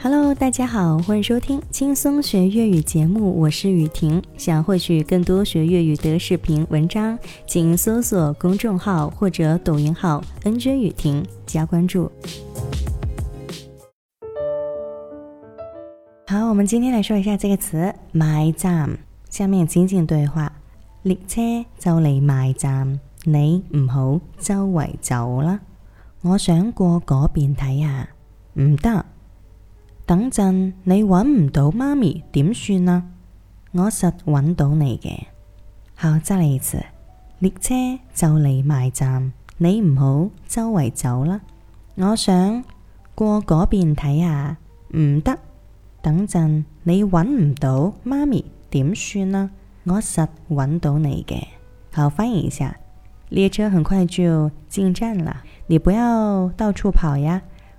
Hello，大家好，歡迎收聽輕鬆學粵語節目，我是宇婷。想獲取更多學粵語的視頻文章，請搜索公眾號或者抖音號 “NJ 宇婷”加關注。好，我們今天來說一下這個詞“埋站”。下面情景對話：列車就嚟埋站，你唔好周圍走啦。我想過嗰邊睇下，唔得。等陣你揾唔到媽咪點算啊？我實揾到你嘅，好，再嚟一次：「列車就嚟埋站，你唔好周圍走啦。我想過嗰邊睇下，唔得。等陣你揾唔到媽咪點算啊？我實揾到你嘅，好，翻譯一下，列車很快就進站啦，你不要到處跑呀。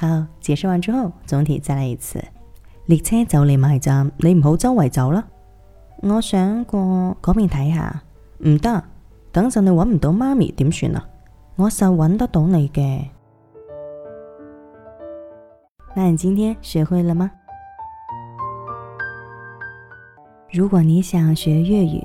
好，解釋完之後，總體再來一次，列車就嚟埋站，你唔好周圍走啦。我想過嗰邊睇下，唔得，等陣你搵唔到媽咪點算啊？我實搵得到你嘅。那你今天學會了嗎？如果你想學粵語。